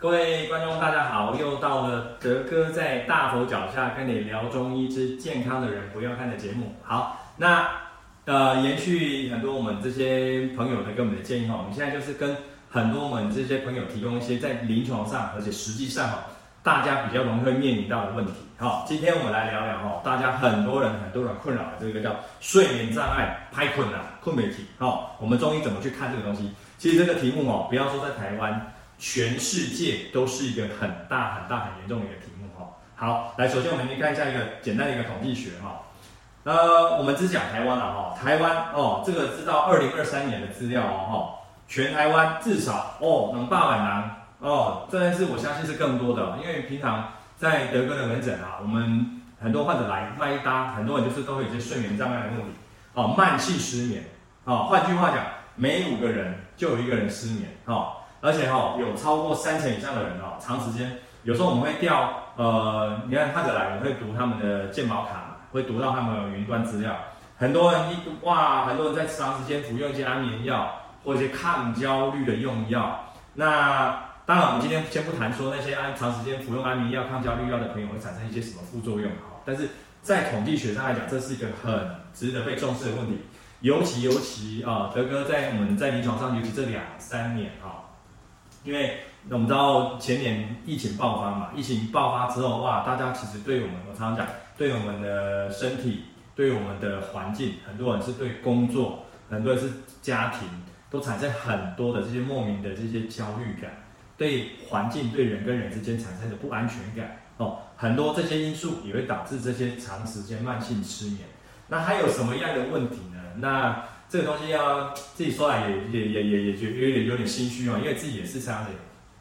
各位觀眾，大家好，又到了德哥在大佛腳下跟你聊中醫之健康的人不要看的節目。好，那呃，延續很多我們這些朋友的給我們的建議哈、哦，我們現在就是跟很多我們這些朋友提供一些在臨床上，而且實際上哈，大家比較容易會面臨到的問題。好、哦，今天我們來聊聊哈，大家很多人很多人困擾的這個叫睡眠障礙，拍困難，困不着。好、哦，我們中醫怎麼去看這個東西？其實這個題目哦，不要說在台灣。全世界都是一個很大、很大、很嚴重的一個題目哈。好，來，首先我們先看一下一個簡單的一個統計學哈。呃，我們只講台灣了哈，台灣哦，這個知道二零二三年的資料哦，全台灣至少哦，兩百萬南哦，這件事我相信是更多的，因為平常在德哥的門診啊，我們很多患者來麥搭，很多人就是都會有一些睡眠障礙的目的，哦，慢性失眠，哦，換句話講，每五個人就有一個人失眠，哦。而且哈、哦，有超過三成以上的人哦，長時間，有時候我們會調，呃，你看他的來源會讀他們的健保卡，會讀到他們的雲端資料。很多人一哇，很多人在長時間服用一些安眠藥或者一些抗焦慮的用藥。那當然，我們今天先不談說那些安長時間服用安眠藥、抗焦慮藥的朋友會產生一些什麼副作用哈。但是在統計學上來講，這是一個很值得被重視的問題。尤其尤其啊、呃，德哥在我們在臨床上，尤其這兩三年哈。哦因為我們知道前年疫情爆發嘛，疫情爆發之後，哇，大家其實對我們，我常常講，對我們的身體，對我們的環境，很多人是對工作，很多人是家庭，都產生很多的這些莫名的這些焦慮感，對環境，對人跟人之間產生的不安全感哦，很多這些因素也會導致這些長時間慢性失眠。那還有什麼樣的問題呢？那這個東西要、啊、自己說來也也也也也也有點有點心虛嘛、哦，因為自己也是這樣子，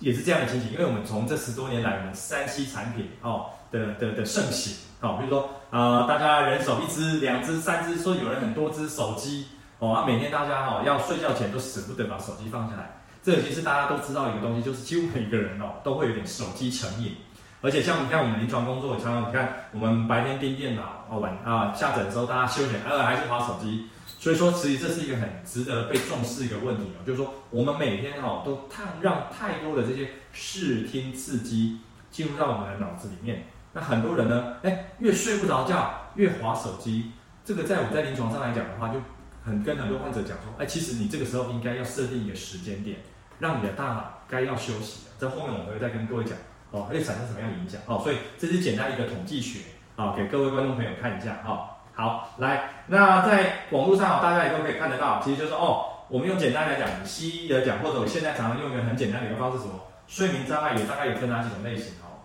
也是這樣的心情。因為我們從這十多年來，我們 3C 產品哦的的的盛行哦，比如說啊、呃，大家人手一支、兩支、三支說有人很多支手機哦，啊，每天大家哦要睡覺前都捨不得把手機放下來，這個、其實大家都知道一個東西，就是幾乎每一個人哦都會有點手機成癮，而且像你看我們臨床工作的時候，你看我們白天盯電、電腦，玩啊晚啊下診的時候大家休息，偶、啊、爾還是滑手機。所以說，其實這是一個很值得被重視一個問題。就是說，我們每天哈都太讓太多的這些視聽刺激進入到我們的腦子裡面。那很多人呢，哎，越睡不着覺，越滑手機。這個在我在臨床上來講的話，就很跟很多患者講說，哎，其實你這個時候應該要設定一個時間點，讓你的大腦該要休息。這在後面我還會再跟各位講哦，會產生什麼樣的影響哦。所以這是簡單一個統計學好，哦，給各位觀眾朋友看一下哈。哦好，來，那在網絡上大家也都可以看得到，其實就是哦，我們用簡單來講西醫的講，或者我現在常常用一個很簡單的一個方式，是什麼睡眠障礙也大概有分哪幾種類型哦。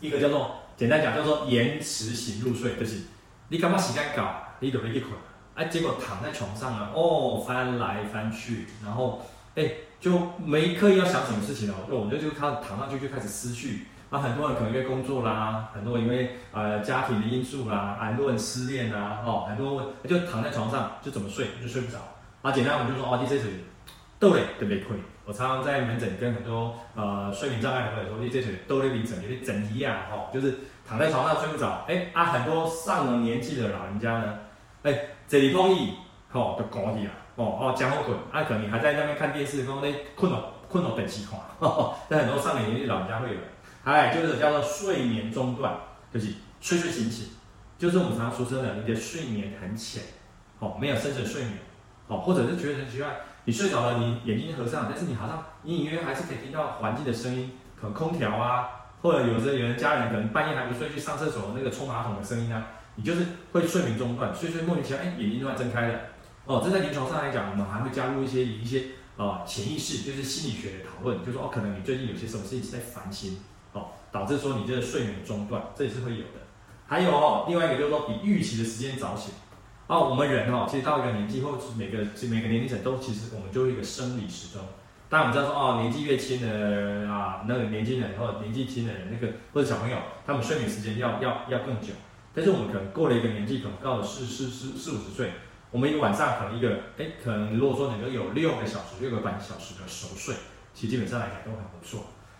一個叫做簡單講叫做延遲型入睡，就是你幹嘛時間搞，你準備一捆，哎，結果躺在床上了，哦，翻來翻去，然後哎就沒刻意要想什麼事情哦，就我們就就開始躺上去就開始思緒。啊、很多人可能因為工作啦，很多因為呃家庭的因素啦，很多人失戀啦，哦，很多人就躺在床上就怎麼睡就睡不着。啊，簡單我們就說，哦，你這水是多累特別困。我常常在門診跟很多呃睡眠障礙的朋友說，你這水是多累病症，有些整體啊，哈、哦，就是躺在床上睡不着。哎、欸，啊很多上了年紀的老人家呢，哎這裡風一吼就趕起啦，哦哦，講我困，啊可能你還在那邊看電視，然後困了困了等起看，在、哦、很多上了年紀的老人家會有。還、哎、就是叫做睡眠中斷，就是睡睡醒醒，就是我們常俗稱的你的睡眠很淺，哦，沒有深層睡眠，哦，或者是覺得很奇怪，你睡着了，你眼睛合上，但是你好像隱隱約約還是可以聽到環境的聲音，可能空調啊，或者有時候有的家人可能半夜還不睡去上廁所，那個沖馬桶的聲音啊，你就是會睡眠中斷，睡睡莫名其妙，哎，眼睛突然睜開了，哦，這在臨床上來講，我們還會加入一些一些、呃、潛意識，就是心理學的討論，就說哦，可能你最近有些什麼事情在煩心。導致說你這個睡眠中斷，這也是會有的。還有哦，另外一個就是說比預期的時間早醒。哦，我們人哦，其實到一個年紀或每個每個年齡層都其實我們就是一個生理時鐘。當然我們知道說哦，年紀越輕的啊，那個年輕人或者年紀輕的人，那個或者小朋友，他們睡眠時間要要要更久。但是我們可能過了一個年紀，可能到了四四四四五十歲，我們一個晚上可能一個哎，可能如果說能夠有六個小時、六個半小時的熟睡，其實基本上來講都很不錯。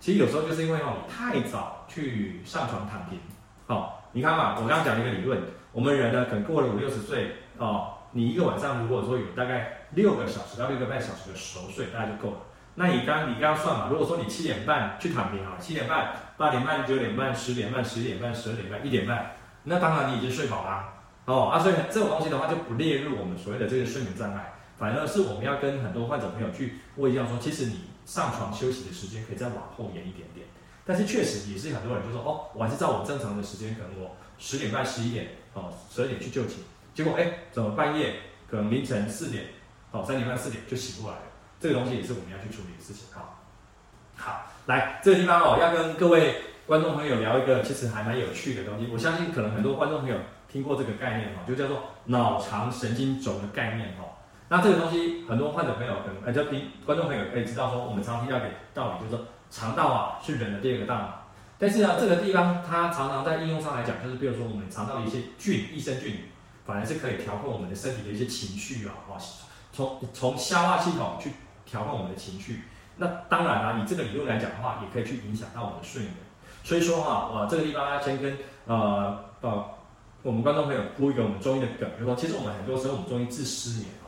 其實有時候就是因為你太早去上床躺平，好、哦，你看嘛，我剛剛講了一個理論，我們人呢，可能過了五六十歲哦，你一個晚上如果說有大概六個小時到六個半小時的熟睡，大概就夠了。那你剛你剛剛算嘛，如果說你七點半去躺平啊、哦，七點半、八點半、九點半、十點半、十點半、十點半、十二點半、一點半，那當然你已經睡飽啦，哦啊，所以這種東西的話就不列入我們所謂的這個睡眠障礙，反而是我們要跟很多患者朋友去問一下說，其實你。上床休息的時間可以再往後延一點點，但是確實也是很多人就說哦，我還是照我正常的時間，可能我十點半、十一點哦、十二點去就寢，結果哎，怎麼半夜可能凌晨四點哦、三點半、四點就醒過來了？這個東西也是我們要去處理的事情哈，好，來這個地方哦，要跟各位觀眾朋友聊一個其實還蠻有趣的東西，我相信可能很多觀眾朋友聽過這個概念哈、哦，就叫做腦腸神經軸的概念哈、哦。那這個東西，很多患者朋友，可能哎，就平觀眾朋友可以知道說，我們常聽到的道理，就是說腸道啊是人的第二個大腦。但是呢，這個地方它常常在應用上來講，就是比如說我們腸道的一些菌、益生菌，反而是可以調控我們的身體的一些情緒啊，哈，從從消化系統去調控我們的情緒。那當然啦、啊，以這個理論來講的話，也可以去影響到我們的睡眠。所以說哈、啊，我這個地方要先跟呃呃、啊、我們觀眾朋友鋪一個我們中醫的梗，就是說，其實我們很多時候我們中醫治失眠。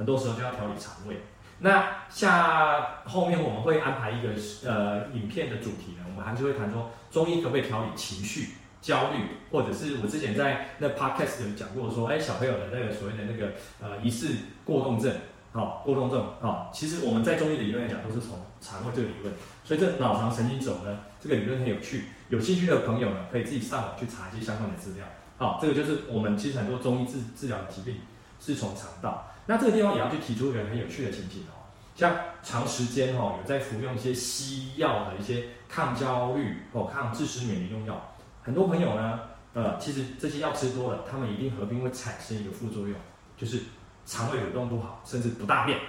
很多時候就要調理腸胃。那下，後面我們會安排一個呃影片的主題呢，我們還是會談說中醫可不可以調理情緒、焦慮，或者是我之前在那 podcast 有講過說，哎、欸，小朋友的那個所謂的那個呃，疑似過動症，好、哦，過動症，好、哦，其實我們在中醫理論來講都是從腸胃這個理論，所以這腦腸神經軸呢，這個理論很有趣，有興趣的朋友呢，可以自己上網去查一些相關的資料。好、哦，這個就是我們其實很多中醫治治療的疾病是從腸道。那這個地方也要去提出一個很有趣的情形哦，像長時間哦有在服用一些西藥的一些抗焦慮或抗治失眠的用藥，很多朋友呢，呃，其實這些藥吃多了，他們一定合併會產生一個副作用，就是腸胃蠕動不好，甚至不大便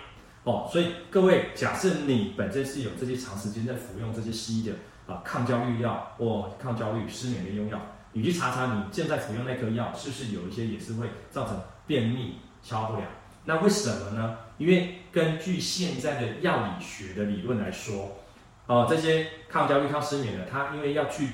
哦。所以各位，假設你本身是有這些長時間在服用這些西醫的啊、呃、抗焦慮藥或抗焦慮失眠的用藥，你去查查你現在服用那顆藥是不是有一些也是會造成便秘、消化不良。那為什麼呢？因為根據現在的藥理學的理論來說，哦、呃，這些抗焦慮、抗失眠的，它因為要去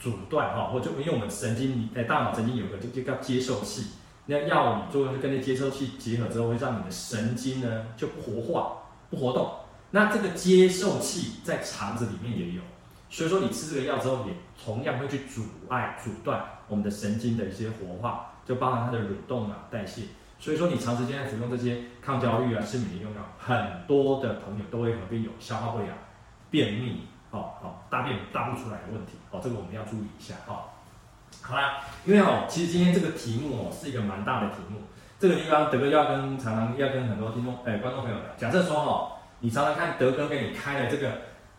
阻斷哈、哦，或者因為我們神經誒大腦神經有個就就叫接受器，那藥理作用就會跟這接受器結合之後，會讓你的神經呢就不活化、不活動。那這個接受器在腸子裡面也有，所以說你吃這個藥之後，也同樣會去阻礙、阻斷我們的神經的一些活化，就包含它的蠕動啊、代謝。所以說，你長時間服用這些抗焦慮啊、失眠的用藥，很多的朋友都會合併有消化不良、便秘，哦好、哦，大便大不出來的問題，哦，這個我們要注意一下，哦。好啦，因為哦，其實今天這個題目哦，是一個蠻大的題目，這個地方德哥要跟常常要跟很多聽眾哎觀眾朋友講，假設說哈、哦，你常常看德哥給你開的這個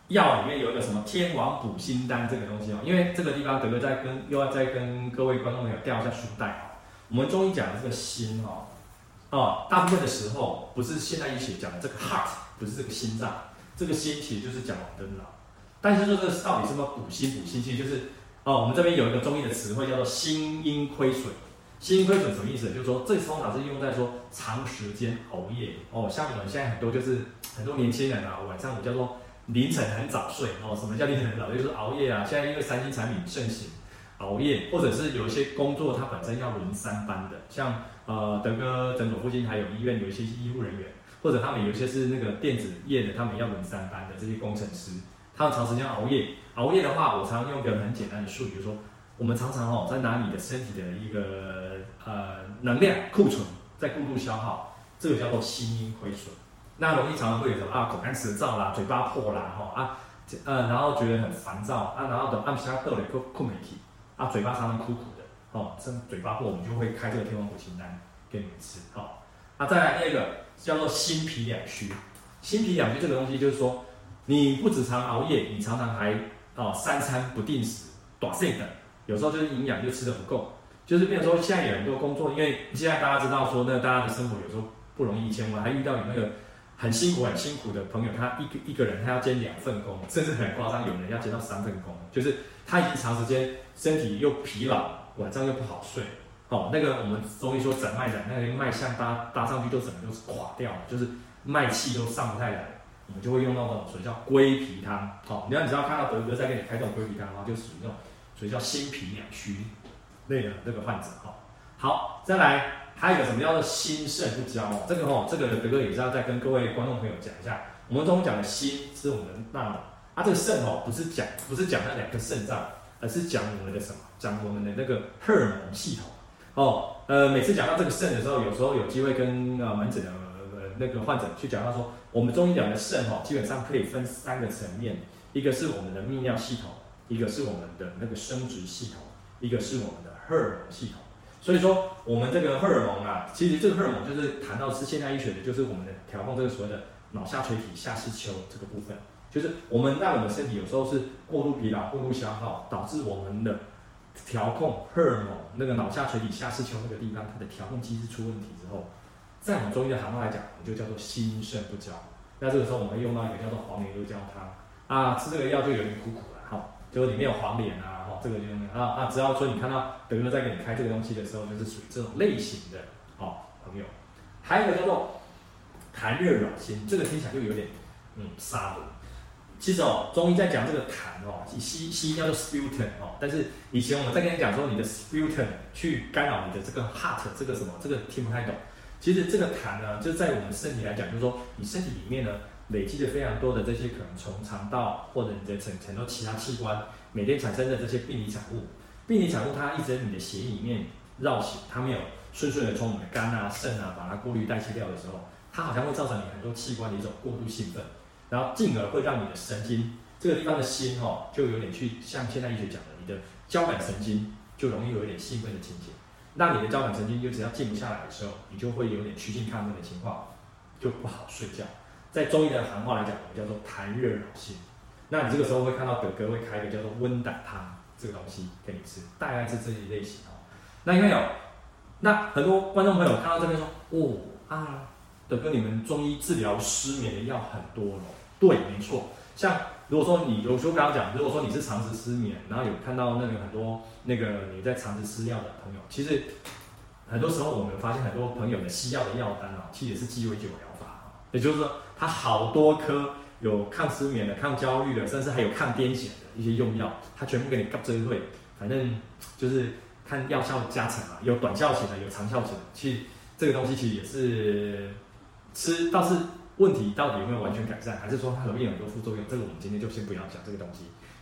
藥裡面有一個什麼天王補心丹這個東西哦，因為這個地方德哥在跟又要再跟各位觀眾朋友掉一下書袋。我們中醫講的這個心哦，哦、啊，大部分的時候不是現代醫學講的這個 heart，不是這個心臟，這個心其實就是講的腦。但是這個到底是什麼補心補心氣，就是哦、啊，我們這邊有一個中醫的詞彙叫做心陰虧損。心陰虧損什麼意思？就是說最通常是用在說長時間熬夜哦，像我們現在很多就是很多年輕人啊，晚上我們叫做凌晨很早睡哦，什麼叫凌晨很早睡？就是熬夜啊。現在因為三星產品盛行。熬夜，或者是有一些工作，它本身要輪三班的，像呃德哥診所附近還有醫院，有一些醫護人員，或者他們有一些是那個電子業的，他們要輪三班的這些工程師，他們長時間熬夜。熬夜的話，我常用一個很簡單的術語，就是說我們常常哦在拿你的身體的一個呃能量庫存在過度消耗，這個叫做心陰虧損。那容易常常會有什麼啊口乾舌燥啦，嘴巴破啦，哈啊呃，然後覺得很煩躁啊，然後等按皮他豆里不困不起。啊，嘴巴常常苦苦的，哦，這嘴巴苦，我們就會開這個天王補心丹給你們吃，好、哦。那、啊、再來第二個叫做心脾兩虛，心脾兩虛這個東西就是說，你不只常熬夜，你常常還哦三餐不定時、短睡等，有時候就是營養就吃的不夠，就是比如說現在有很多工作，因為現在大家知道說，那大家的生活有時候不容易千，千我還遇到有那個。很辛苦很辛苦的朋友，他一個一個人他要兼兩份工，甚至很誇張，有人要兼到三份工，就是他已經長時間身體又疲勞，晚上又不好睡，哦，那個我們中醫說診脈診那個脈象搭搭上去都整個都是垮掉了，就是脈氣都上不太來，我們就會用到那種所以叫歸脾湯，好、哦，你要你知道看到德哥在給你開這種歸脾湯的話，就屬於那種所以叫心脾兩虛類的這個患者，好、哦，好，再來。還有一個什麼叫做心腎不交？這個吼、哦，這個德哥也是要再跟各位觀眾朋友講一下。我們中醫講的心，是我們大腦；啊，這個腎哦，不是講不是講那兩個腎臟，而是講我們的什麼？講我們的那個荷爾蒙系統。哦，呃，每次講到這個腎的時候，有時候有機會跟呃門診的呃那個患者去講，他說，我們中醫講的腎哦，基本上可以分三個層面：一個是我們的泌尿系統，一個是我們的那個生殖系統，一個是我們的荷爾蒙系統。所以說，我們這個荷爾蒙啊，其實這個荷爾蒙就是談到是現代醫學的，就是我們的調控這個所謂的腦下垂體下視丘這個部分，就是我們在我們身體有時候是過度疲勞、過度消耗，導致我們的調控荷爾蒙那個腦下垂體下視丘那個地方它的調控機制出問題之後，在我們中醫的行話來講，我們就叫做心腎不交。那這個時候我們會用到一個叫做黃連阿膠湯啊，吃這個藥就有點苦苦了、啊，好，就裡面有黃連啊。這個就是啊啊，只要說你看到德哥在給你開這個東西的時候，就是屬於這種類型的哦，朋友。還有一個叫做痰熱擾心，這個聽起來就有點嗯沙的。其實哦，中醫在講這個痰哦，西西醫叫做 sputum 哦，但是以前我們在跟你講說你的 sputum 去干擾你的這個 heart 這個什麼，這個聽不太懂。其實這個痰呢，就在我們身體來講，就是說你身體裡面呢。累積的非常多的這些可能從腸道或者你的整腸道其他器官每天產生的這些病理產物，病理產物它一直在你的血裡面繞行，它沒有順順的從我們的肝啊、腎啊把它過濾代謝掉的時候，它好像會造成你很多器官的一種過度興奮，然後進而會讓你的神經這個地方的心哈、哦、就有點去像現代醫學講的你的交感神經就容易有一點興奮的情節。那你的交感神經就只要靜不下來的時候，你就會有點趨近亢奮的情況，就不好睡覺。在中醫的行話來講，叫做痰熱擾心。那你這個時候會看到德哥會開一個叫做溫膽湯這個東西給你吃，大概是這一類型哦。那你看有，那很多觀眾朋友看到這邊說，哦啊，德哥你們中醫治療失眠的藥很多咯。對，沒錯。像如果說你有時候剛剛講，如果說你是長期失眠，然後有看到那個很多那個你在長期吃藥的朋友，其實很多時候我們發現，很多朋友的西藥的藥單哦，其實也是雞尾酒。也就是說，它好多顆有抗失眠的、抗焦慮的，甚至還有抗癲癇的一些用藥，它全部給你針對，反正就是看藥效的加成啊，有短效型的，有長效型的。其實這個東西其實也是吃，倒是問題到底有沒有完全改善，還是說它容易有很多副作用？這個我們今天就先不要講這個東西。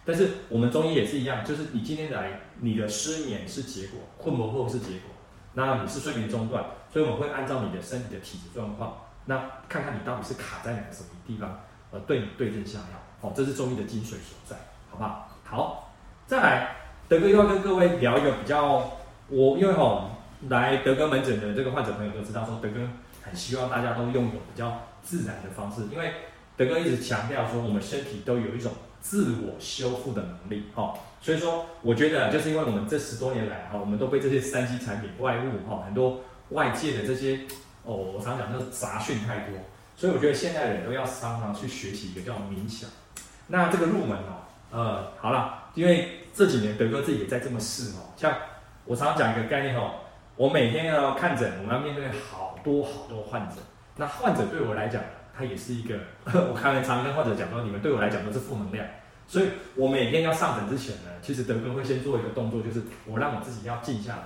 但是我們中醫也是一樣，就是你今天來，你的失眠是結果，困不困是結果，那你是睡眠中斷，所以我們會按照你的身體的體質狀況。那看看你到底是卡在哪個什麼地方，而、呃、對你對症下藥，好、哦，這是中醫的精髓所在，好不好？好，再來，德哥又要跟各位聊一個比較，我因為哈、哦、來德哥門診的這個患者朋友都知道，說德哥很希望大家都擁有比較自然的方式，因為德哥一直強調說，我們身體都有一種自我修復的能力，哈、哦，所以說我覺得就是因為我們這十多年來哈、哦，我們都被這些三 C 產品、外物哈、哦，很多外界的這些。哦，我常常講就是雜訊太多，所以我覺得現在人都要常常去學習一個叫冥想。那這個入門哦，呃，好了，因為這幾年德哥自己也在這麼試哦。像我常常講一個概念哦，我每天要看診，我要面對好多好多患者。那患者對我來講，他也是一個，呵，我常常跟患者講說，你們對我來講都是負能量。所以我每天要上診之前呢，其實德哥會先做一個動作，就是我讓我自己要靜下來。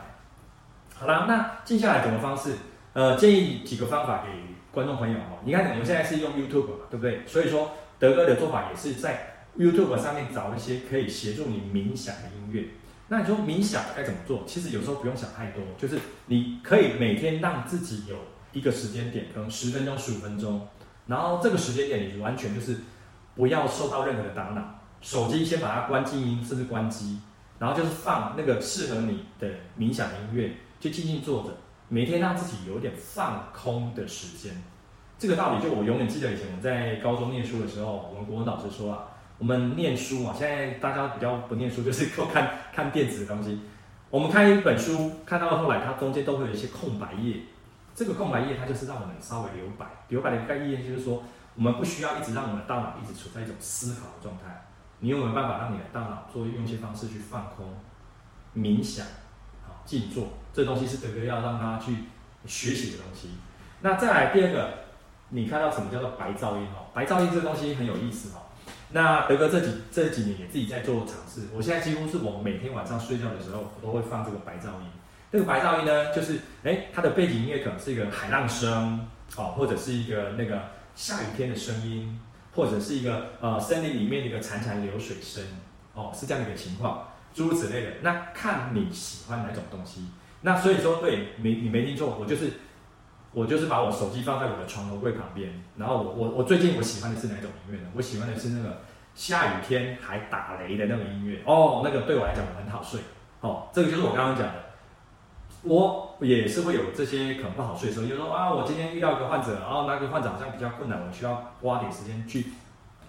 好啦，那靜下來怎麼方式？呃，建議幾個方法給觀眾朋友哦，你看，我們現在是用 YouTube 嘛，對不對？所以說，德哥的做法也是在 YouTube 上面找一些可以協助你冥想的音樂。那你說冥想該怎麼做？其實有時候不用想太多，就是你可以每天讓自己有一個時間點，可能十分鐘、十五分鐘，然後這個時間點你完全就是不要受到任何的打擾，手機先把它關靜音甚至關機，然後就是放那個適合你的冥想的音樂，就靜靜坐着。每天讓自己有點放空的時間，這個道理就我永遠記得。以前我們在高中念書的時候，我們國文老師說啊，我們念書嘛，現在大家比較不念書，就是給我看看電子的東西。我們看一本書，看到後來它中間都會有一些空白頁，這個空白頁它就是讓我們稍微留白。留白的概念就是說，我們不需要一直讓我們的大腦一直處在一種思考的狀態。你有沒有辦法讓你的大腦做用一些方式去放空，冥想？靜坐這東西是德哥要讓他去學習的東西。那再來第二個，你看到什麼叫做白噪音哦？白噪音這東西很有意思哦。那德哥這幾這幾年也自己在做嘗試。我現在幾乎是我每天晚上睡覺的時候，我都會放這個白噪音。這、那個白噪音呢，就是哎，它的背景音樂可能是一個海浪聲哦，或者是一個那個下雨天的聲音，或者是一個呃森林裡面的一個潺潺流水聲哦，是這樣的一個情況。諸如此類的，那看你喜歡哪種東西。那所以說，對，你沒你沒聽錯，我就是我就是把我手機放在我的床頭櫃旁邊。然後我我我最近我喜歡的是哪種音樂呢？我喜歡的是那個下雨天還打雷的那個音樂。哦，那個對我來講我很好睡。哦，這個就是我剛剛講的。我也是會有這些可能不好睡的時候，所以就說啊，我今天遇到一個患者，啊，那個患者好像比較困難，我需要花點時間去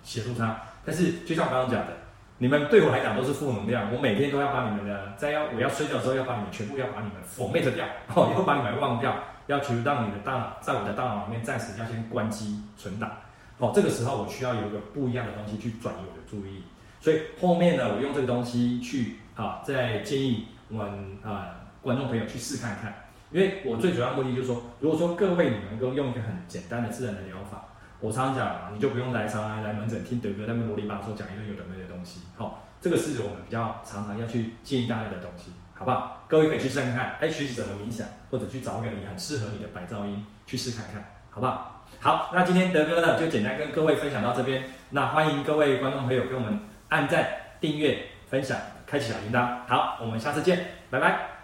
協助他。但是就像我剛剛講的。你們對我來講都是負能量，我每天都要把你們的，在要我要睡覺的時候要把你們全部要把你們 format 掉，哦，以後把你們忘掉，要求讓你的大腦在我的大腦裡面暫時要先關機存檔，哦，這個時候我需要有一個不一樣的東西去轉移我的注意力，所以後面呢，我用這個東西去，啊、哦，再建議我們啊、呃、觀眾朋友去試看看，因為我最主要目的就是說，如果說各位你們能夠用一個很簡單的自然的療法。我常常講、啊、你就不用來常來來門診聽德哥那邊囉里吧嗦講一堆有的沒有的東西，好、哦，這個是我們比較常常要去建議大家的東西，好不好？各位可以去試試看，哎，學習怎麼冥想，或者去找一個你很適合你的白噪音，去試看看，好不好？好，那今天德哥呢就簡單跟各位分享到這邊，那歡迎各位觀眾朋友給我們按讚、訂閱、分享、開啟小鈴鐺，好，我們下次見，拜拜。